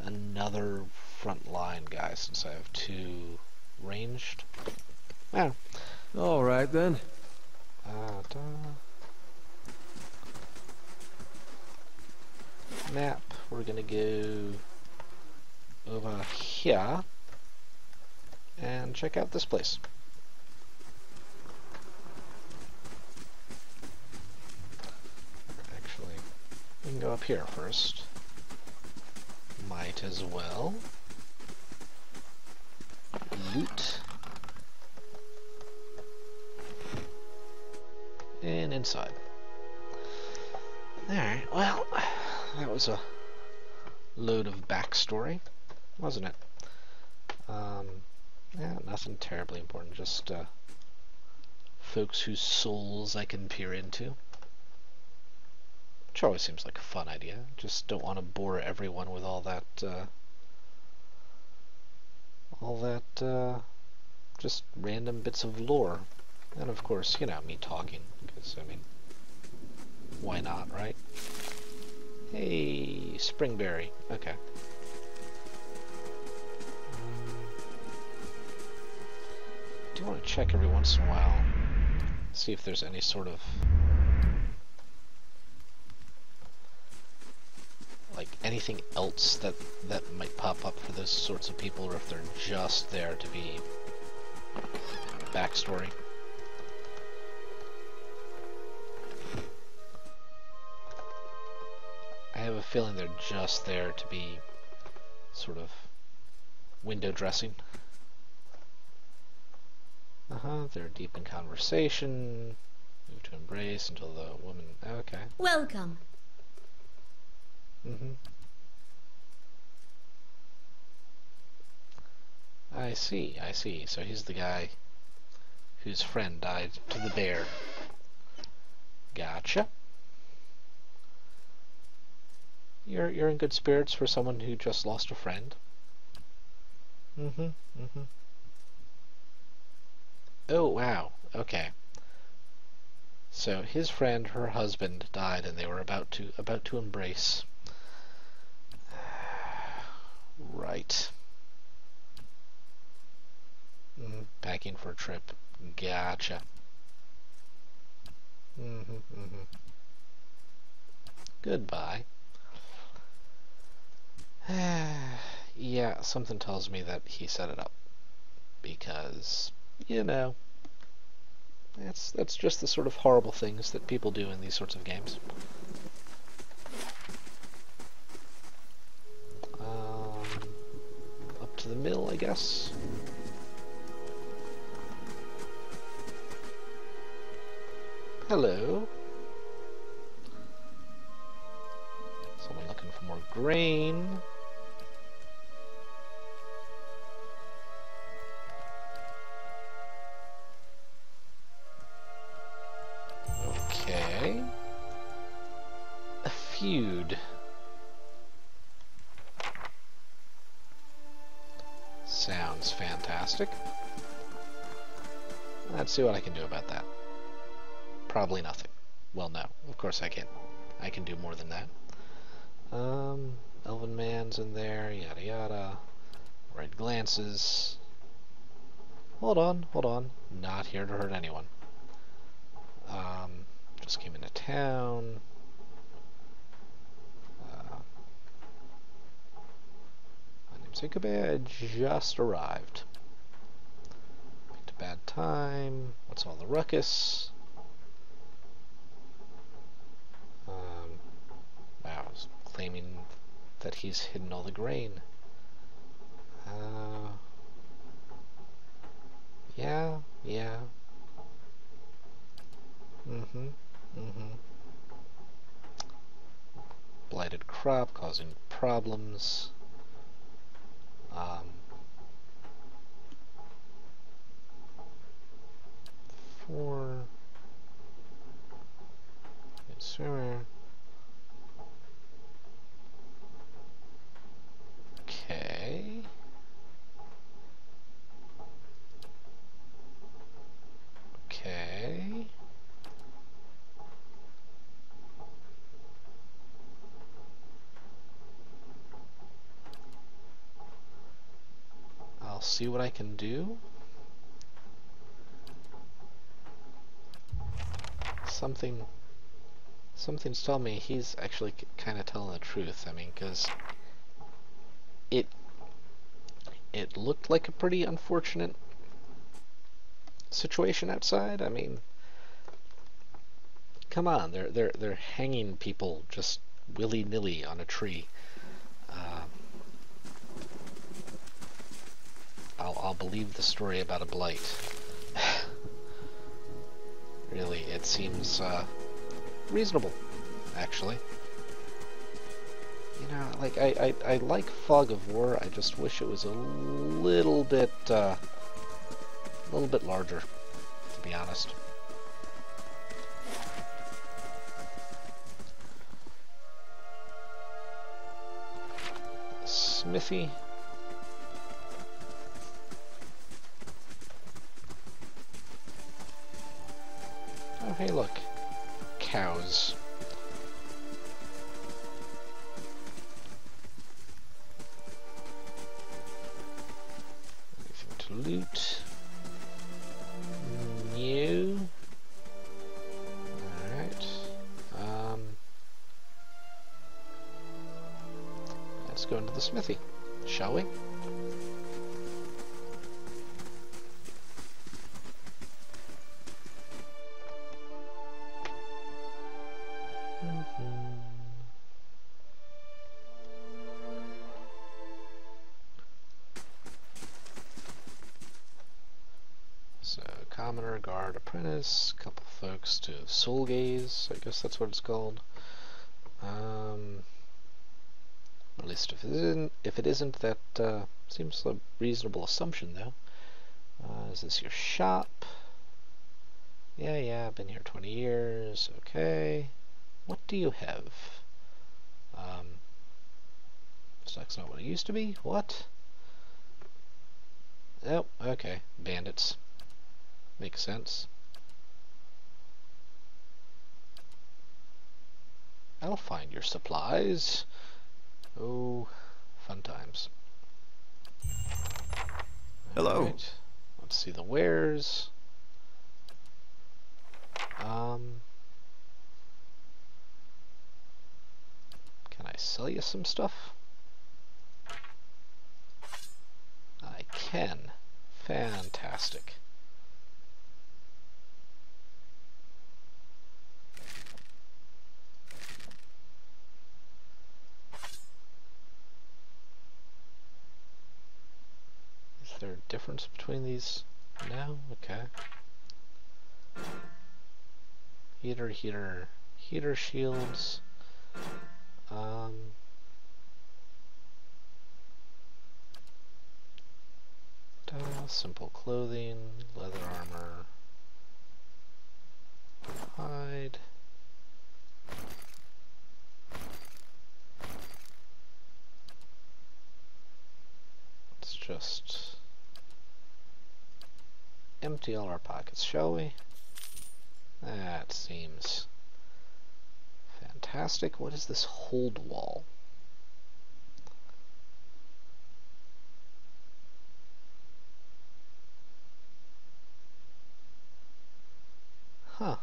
another frontline guy since I have two ranged. Yeah. All right then. Uh, Map we're gonna go over here and check out this place. Actually, we can go up here first. Might as well. Loot. And inside. Alright, well, that was a load of backstory, wasn't it? Um, yeah, nothing terribly important, just uh, folks whose souls I can peer into. Which always seems like a fun idea. Just don't want to bore everyone with all that, uh, all that, uh, just random bits of lore. And of course, you know, me talking, because, I mean, why not, right? Hey, Springberry. Okay. Um, do want to check every once in a while, see if there's any sort of like anything else that that might pop up for those sorts of people, or if they're just there to be backstory. have a feeling they're just there to be sort of window dressing. Uh-huh, they're deep in conversation. Move to embrace until the woman... Okay. Welcome. Mm-hmm. I see, I see. So he's the guy whose friend died to the bear. Gotcha. You're you're in good spirits for someone who just lost a friend. Mm-hmm. Mm-hmm. Oh wow. Okay. So his friend, her husband, died, and they were about to about to embrace. Right. Mm, packing for a trip. Gotcha. Mm-hmm, mm-hmm. Goodbye. yeah, something tells me that he set it up. Because, you know, that's, that's just the sort of horrible things that people do in these sorts of games. Um, up to the mill, I guess. Hello. Someone looking for more grain. see what I can do about that. Probably nothing. Well, no. Of course I can. I can do more than that. Um, Elven Man's in there, yada yada. Red Glances. Hold on, hold on. Not here to hurt anyone. Um, just came into town. Uh, my name's I just arrived. Bad time. What's all the ruckus? Um, wow, he's claiming that he's hidden all the grain. Uh, yeah, yeah. Mm-hmm, mm-hmm. Blighted crop causing problems. Um, for consumer. Okay. Okay. I'll see what I can do. something something's telling me he's actually kind of telling the truth. I mean, because it it looked like a pretty unfortunate situation outside. I mean, come on, they're they're they're hanging people just willy nilly on a tree. Um, I'll I'll believe the story about a blight. really. It seems uh, reasonable, actually. You know, like, I, I, I like Fog of War, I just wish it was a little bit, uh, a little bit larger, to be honest. Smithy, hey look, cows. Anything to loot? New. Alright. Um, let's go into the smithy. Soul Gaze, I guess that's what it's called. Um, at least if it isn't, if it isn't that uh, seems a reasonable assumption though. Uh, is this your shop? Yeah, yeah, I've been here 20 years, okay. What do you have? Um, stock's not what it used to be, what? Oh, okay, bandits. Makes sense. I'll find your supplies. Oh, fun times. Hello. Right. Let's see the wares. Um, can I sell you some stuff? I can. Fantastic. difference between these now? Okay. Heater, heater, heater shields. Um, uh, simple clothing, leather armor, hide. It's just empty all our pockets, shall we? That seems fantastic. What is this hold wall? Huh.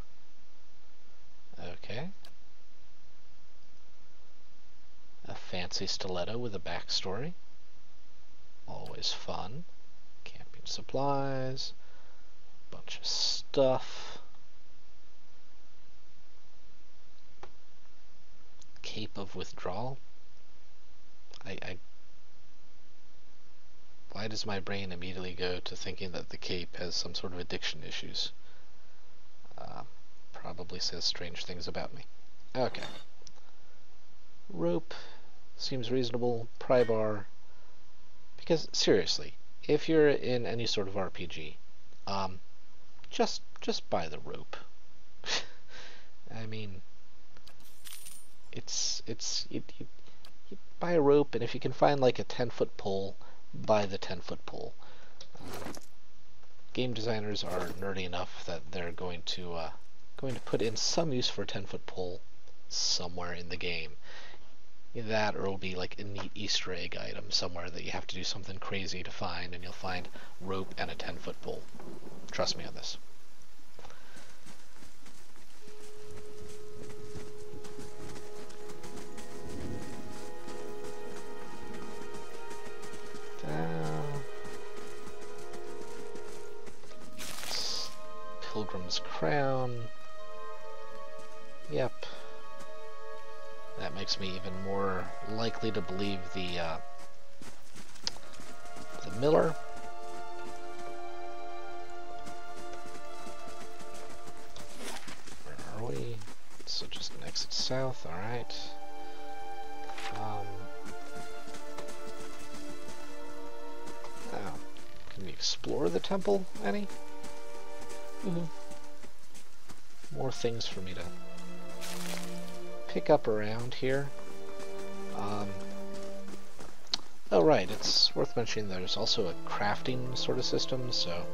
Okay. A fancy stiletto with a backstory. Always fun. Camping supplies bunch of stuff. Cape of Withdrawal. I, I why does my brain immediately go to thinking that the cape has some sort of addiction issues? Uh, probably says strange things about me. Okay. Rope seems reasonable. Pry bar. Because, seriously, if you're in any sort of RPG, um, just, just buy the rope. I mean, it's, it's, you, you, you buy a rope, and if you can find like a 10 foot pole, buy the 10 foot pole. game designers are nerdy enough that they're going to, uh, going to put in some use for a 10 foot pole somewhere in the game that or it'll be like a neat Easter egg item somewhere that you have to do something crazy to find, and you'll find rope and a 10 foot pole. Trust me on this. Pilgrim's Crown. Yep that makes me even more likely to believe the uh, the miller. Where are we? So just an exit south. All right. Um, oh, can we explore the temple any? Mm -hmm. More things for me to pick up around here. Um, oh right, it's worth mentioning there's also a crafting sort of system, so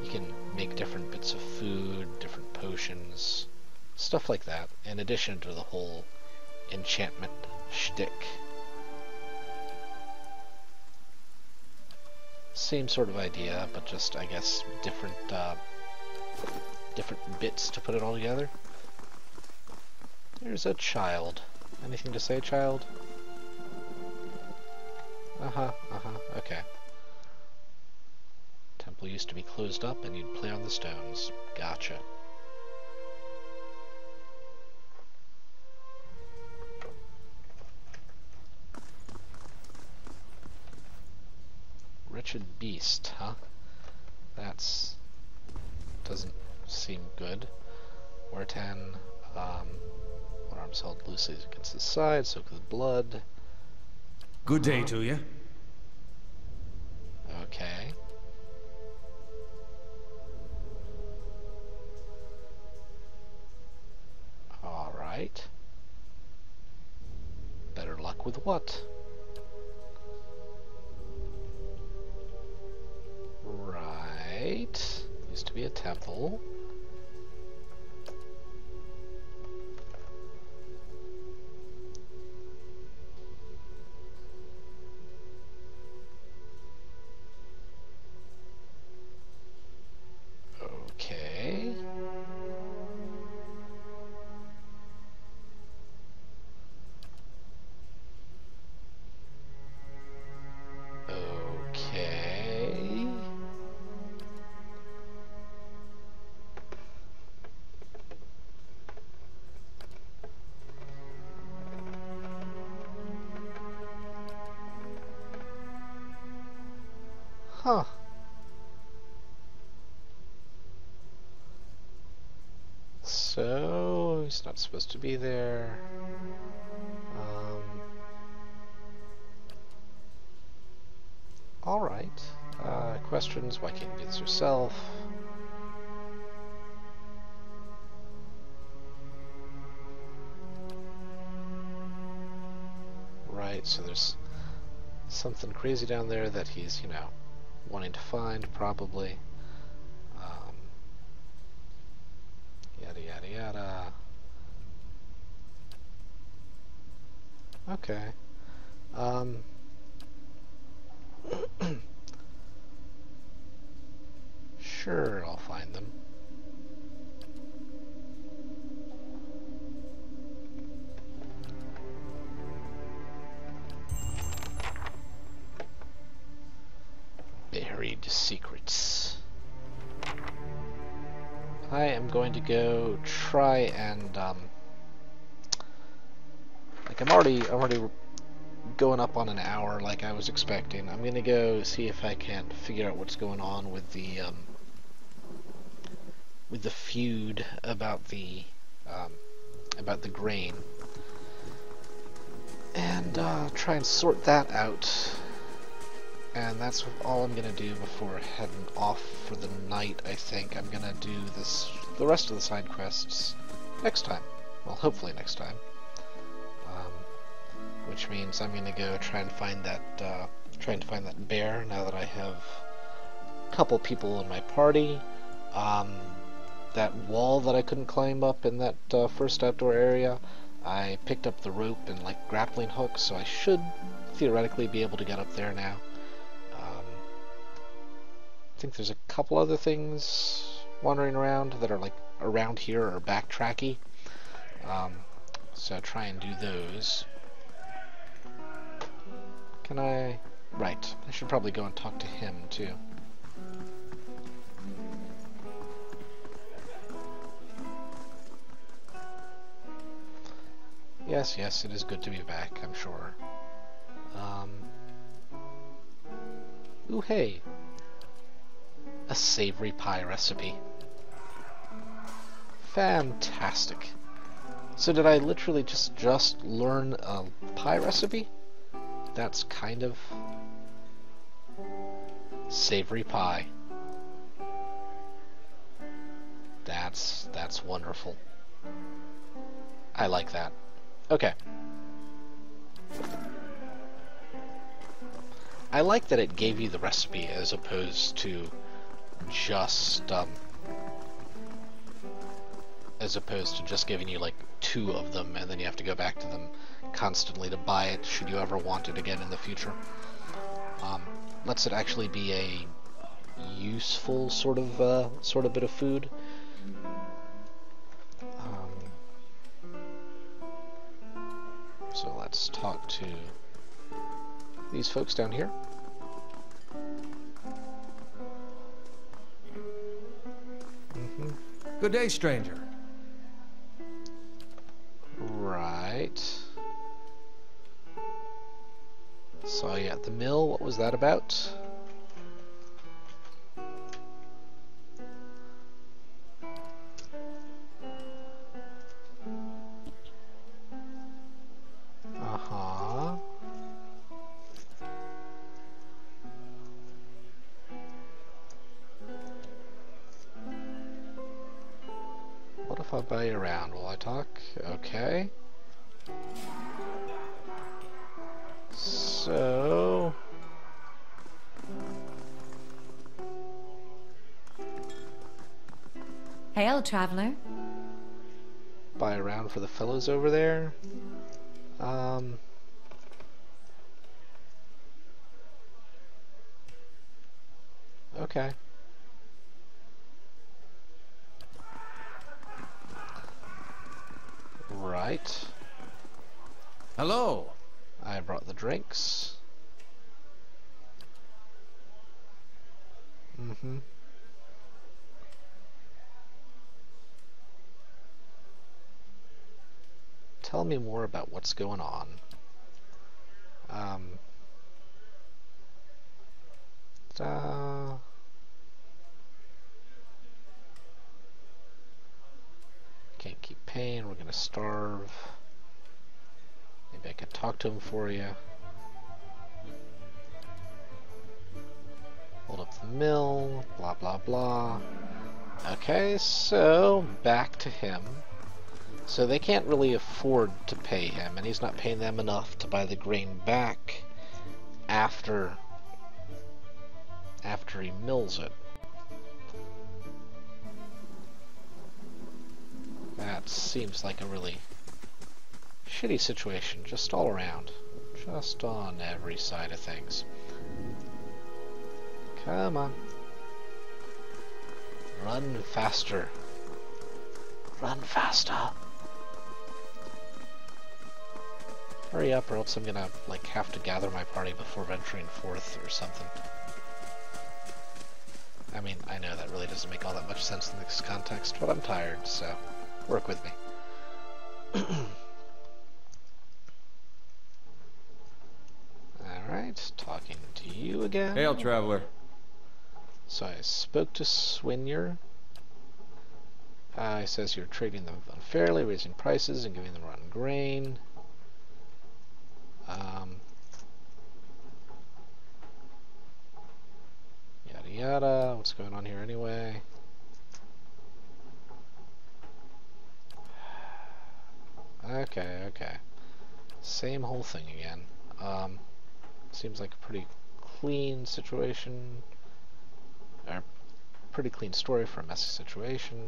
you can make different bits of food, different potions, stuff like that, in addition to the whole enchantment shtick. Same sort of idea, but just, I guess, different, uh, different bits to put it all together. There's a child. Anything to say, child? Uh-huh, uh-huh, okay. Temple used to be closed up and you'd play on the stones. Gotcha. Wretched beast, huh? That's... doesn't seem good. Where 10, um, arms held loosely against his side, soaked with blood. Good day to you. Okay. Alright. Better luck with what? Right. Used to be a temple. to be there. Um, all right. Uh, questions? Why can't you do this yourself? Right. So there's something crazy down there that he's, you know, wanting to find, probably. Okay. Um. sure, I'll find them. Buried secrets. I am going to go try and um, already already going up on an hour like I was expecting. I'm gonna go see if I can not figure out what's going on with the um, with the feud about the um, about the grain, and uh, try and sort that out. And that's all I'm gonna do before heading off for the night. I think I'm gonna do this the rest of the side quests next time. Well, hopefully next time which means I'm gonna go try and find that uh, trying to find that bear now that I have a couple people in my party. Um, that wall that I couldn't climb up in that uh, first outdoor area, I picked up the rope and like grappling hook, so I should theoretically be able to get up there now. Um, I think there's a couple other things wandering around that are like around here or backtracky. Um, so try and do those. Can I... Right. I should probably go and talk to him, too. Yes, yes, it is good to be back, I'm sure. Um... Ooh, hey! A savory pie recipe. Fantastic. So did I literally just, just learn a pie recipe? that's kind of savory pie. That's that's wonderful. I like that. Okay. I like that it gave you the recipe as opposed to just um, as opposed to just giving you like two of them and then you have to go back to them constantly to buy it should you ever want it again in the future. Um, lets it actually be a useful sort of uh, sort of bit of food. Um, so let's talk to these folks down here. Mm-hmm. Good day, stranger. Right. So yeah, the mill, what was that about? traveler. Buy around for the fellows over there. about what's going on. Um, uh, can't keep paying, we're gonna starve. Maybe I could talk to him for you. Hold up the mill, blah blah blah. Okay, so back to him. So they can't really afford to pay him, and he's not paying them enough to buy the grain back after after he mills it. That seems like a really shitty situation, just all around. Just on every side of things. Come on. Run faster. Run faster. Hurry up or else I'm gonna, like, have to gather my party before venturing forth or something. I mean, I know that really doesn't make all that much sense in this context, but I'm tired, so work with me. Alright, talking to you again. Hail, Traveler. So I spoke to Swinyer. Uh, he says you're treating them unfairly, raising prices and giving them rotten grain. Um, yada yada, what's going on here anyway? Okay, okay. Same whole thing again. Um, seems like a pretty clean situation, or pretty clean story for a messy situation.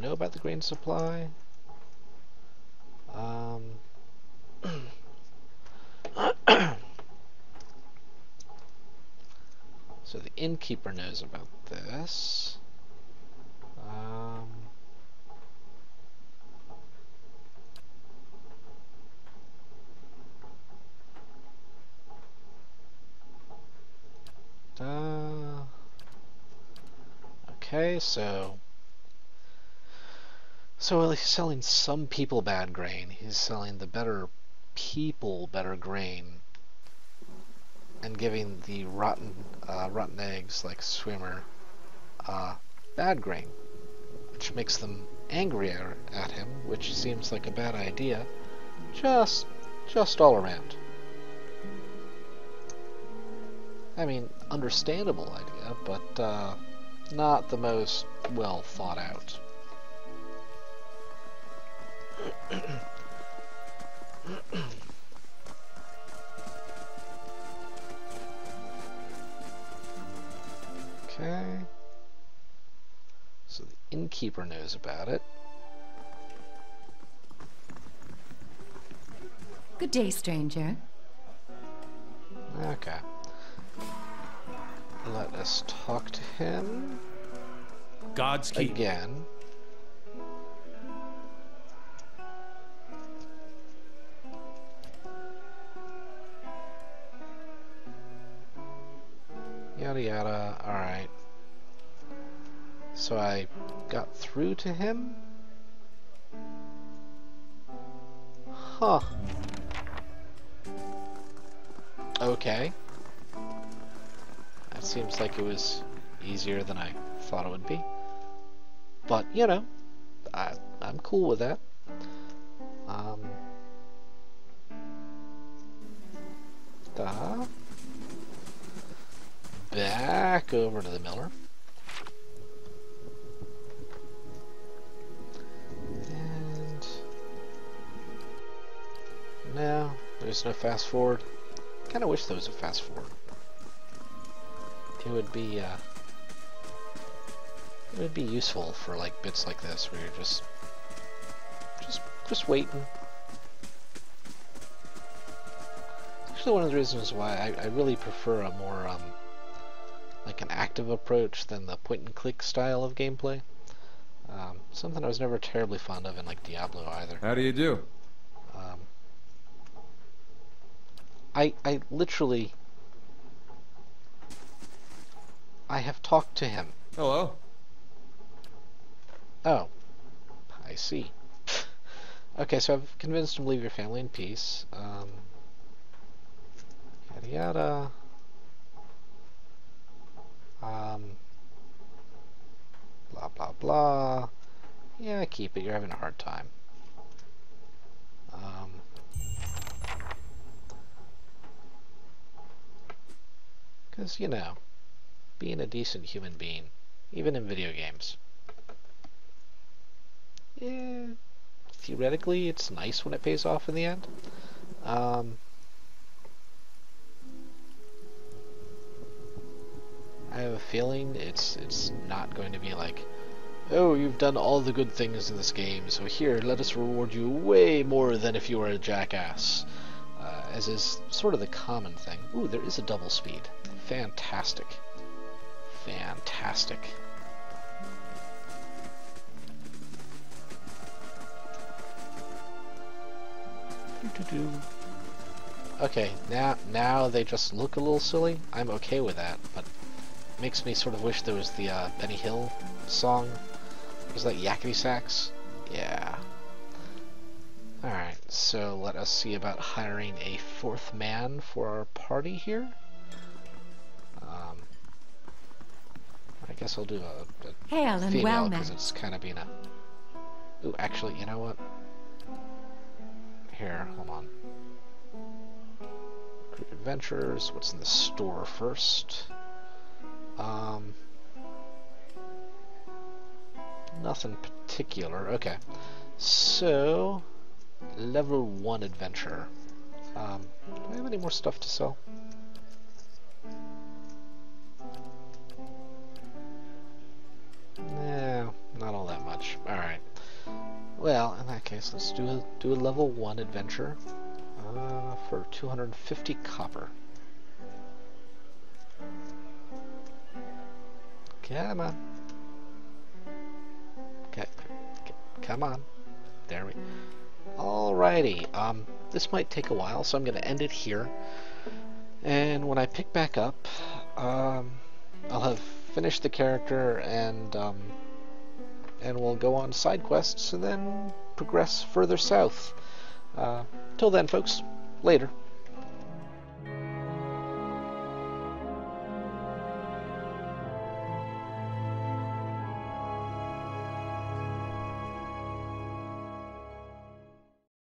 know about the grain supply. Um, so the innkeeper knows about this. Um, uh, okay, so so he's selling some people bad grain. He's selling the better people better grain and giving the rotten uh, rotten eggs like swimmer uh, bad grain which makes them angrier at him which seems like a bad idea just just all around I mean understandable idea but uh, not the most well thought out okay. So the innkeeper knows about it. Good day, stranger. Okay. Let us talk to him. God's key. Again. Yada yada, alright. So I got through to him? Huh. Okay. That seems like it was easier than I thought it would be. But, you know, I, I'm cool with that. Um, da back over to the miller. And no, there's no fast forward. Kind of wish there was a fast forward. It would be uh, it would be useful for like bits like this where you're just just just waiting. Actually, one of the reasons why I, I really prefer a more um, like an active approach than the point and click style of gameplay. Um, something I was never terribly fond of in like Diablo either. How do you do? Um, I I literally I have talked to him. Hello. Oh, I see. okay, so I've convinced him leave your family in peace. Um, yada yada. Um, blah, blah, blah. Yeah, keep it. You're having a hard time. Um, Because, you know, being a decent human being, even in video games, yeah, theoretically, it's nice when it pays off in the end. Um, I have a feeling it's it's not going to be like, oh, you've done all the good things in this game, so here, let us reward you way more than if you were a jackass. Uh, as is sort of the common thing. Ooh, there is a double speed. Fantastic. Fantastic. Okay, now now they just look a little silly. I'm okay with that, but makes me sort of wish there was the uh, Benny Hill song. Was that Yakety Sax? Yeah. Alright, so let us see about hiring a fourth man for our party here. Um, I guess I'll do a, a Hail and female because well it's kind of being a... Ooh, actually, you know what? Here, hold on. Adventures. what's in the store first? Um, nothing particular. Okay. So, level 1 adventure. Um, do I have any more stuff to sell? No, not all that much. Alright. Well, in that case, let's do a, do a level 1 adventure uh, for 250 copper. Come on. Okay, come on. There we Alrighty, um, this might take a while, so I'm going to end it here. And when I pick back up, um, I'll have finished the character and, um, and we'll go on side quests and then progress further south. Uh, till then, folks, later.